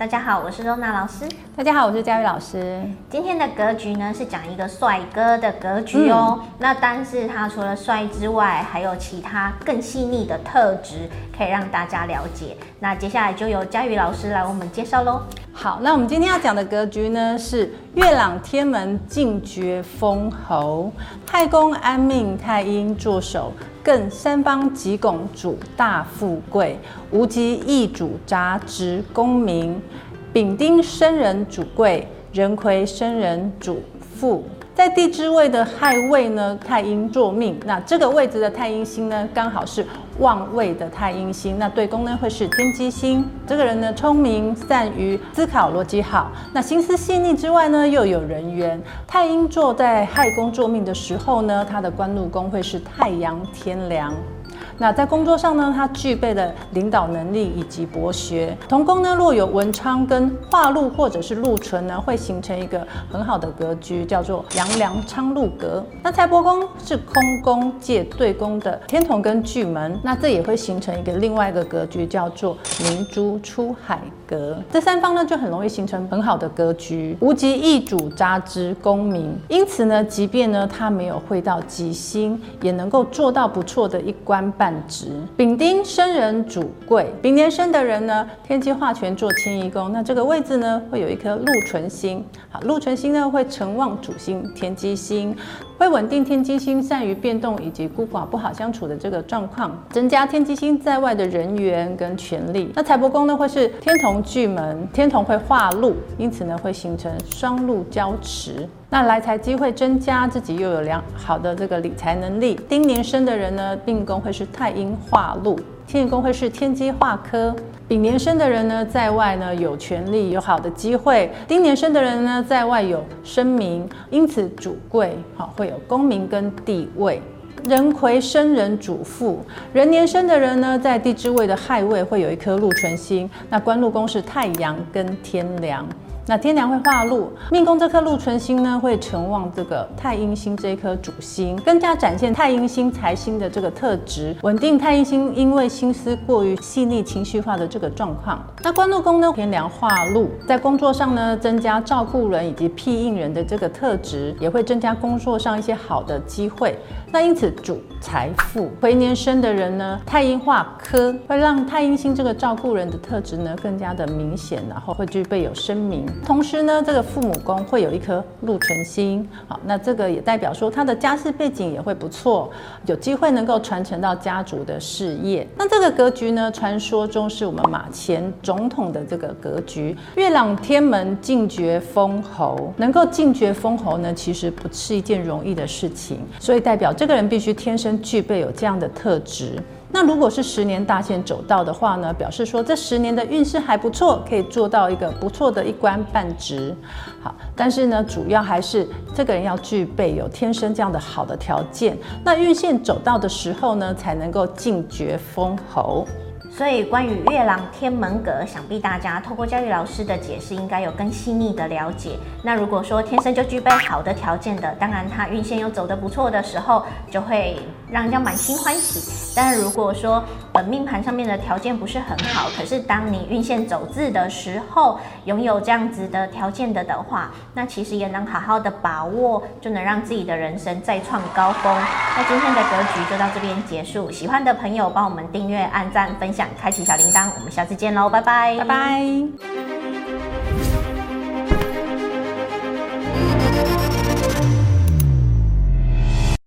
大家好，我是周娜老師。大家好，我是嘉宇老師。今天的格局呢，是講一個帥哥的格局哦、喔。嗯、那但是他除了帥之外，還有其他更細膩的特質可以讓大家了解。那接下來就由嘉宇老師來為我們介紹嘍。好，那我們今天要講的格局呢，是月朗天門進爵封侯，太公安命，太陰坐守。更三方吉拱，主大富貴，無吉亦主雜職功名。丙丁生人主貴，壬癸生人主富。在地支位的亥位呢，太陰坐命，那這個位置的太陰星呢，剛好是旺位的太陰星，那對宮呢會是天機星。這個人呢聰明，善於思考，邏輯好，那心思細膩之外呢，又有人緣。太陰坐在亥宮坐命的時候呢，他的官祿宮會是太陽天梁。那在工作上呢，他具備了領導能力以及博學。同宮呢，若有文昌跟化祿或者是祿存呢，會形成一個很好的格局，叫做陽梁昌祿格。那財帛宮是空宮借對宮的天同跟巨門，那這也會形成一個另外一個格局，叫做明珠出海格。這三方呢，就很容易形成很好的格局，無極易主，紮之功名。因此呢，即便呢他沒有會到吉星，也能夠做到不錯的一官半。半值丙丁生人主貴，丙年生的人呢，天機化權做遷移宮，那這個位置呢，會有一顆祿存星。好，祿存星呢，會承旺主星天機星，會穩定天機星善於變動以及孤寡不好相處的這個狀況，增加天機星在外的人緣跟權力。那財帛宮呢，會是天同巨門，天同會化祿，因此呢會形成雙祿交馳。那來財機會增加，自己又有良好的這個理財能力。丁年生的人呢，命宮會是太陰化祿，遷移宮會是天機化科。丙年生的人呢，在外呢有權利，有好的機會。丁年生的人呢，在外有聲名，因此主貴，好會有功名跟地位。壬癸生人主富，壬年生的人呢，在地支位的亥位會有一顆祿存星。那官祿宮是太陽跟天梁。那天梁會化祿，命宮這顆祿存星呢會承旺這個太陰星這一顆主星，更加展現太陰星財星的這個特質，穩定太陰星，因為心思過於細膩、情緒化的這個狀況。那官祿宮呢，天梁化祿，在工作上呢增加照顧人以及庇蔭人的這個特質，也會增加工作上一些好的機會。那因此主財富，癸年生的人呢，太陰化科，會讓太陰星這個照顧人的特質呢更加的明顯，然後會具備有聲名。同時呢，這個父母宮會有一顆祿存星，好，那這個也代表說他的家世背景也會不錯，有機會能夠傳承到家族的事業。那這個格局呢，傳說中是我們馬前總統的這個格局，月朗天門進爵封侯，能夠進爵封侯呢，其實不是一件容易的事情，所以代表這個人必須天生具備有這樣的特質。那如果是十年大限走到的話呢，表示說這十年的運勢還不錯，可以做到一個不錯的一官半職。好，但是呢，主要還是這個人要具備有天生這樣的好的條件，那運線走到的時候呢，才能夠進爵封侯。所以，關於月朗天門格，想必大家透過教育老師的解釋，應該有更細膩的了解。那如果說天生就具備好的條件的，當然他運線又走得不錯的時候，就會讓人家滿心歡喜。但是如果說，本命盤上面的條件不是很好，可是當你運線走字的時候，擁有這樣子的條件的的話，那其實也能好好的把握，就能讓自己的人生再創高峰。那今天的格局就到這邊結束，喜歡的朋友幫我們訂閱、按讚、分享、開啟小鈴鐺，我們下次見嘍，拜拜，拜拜。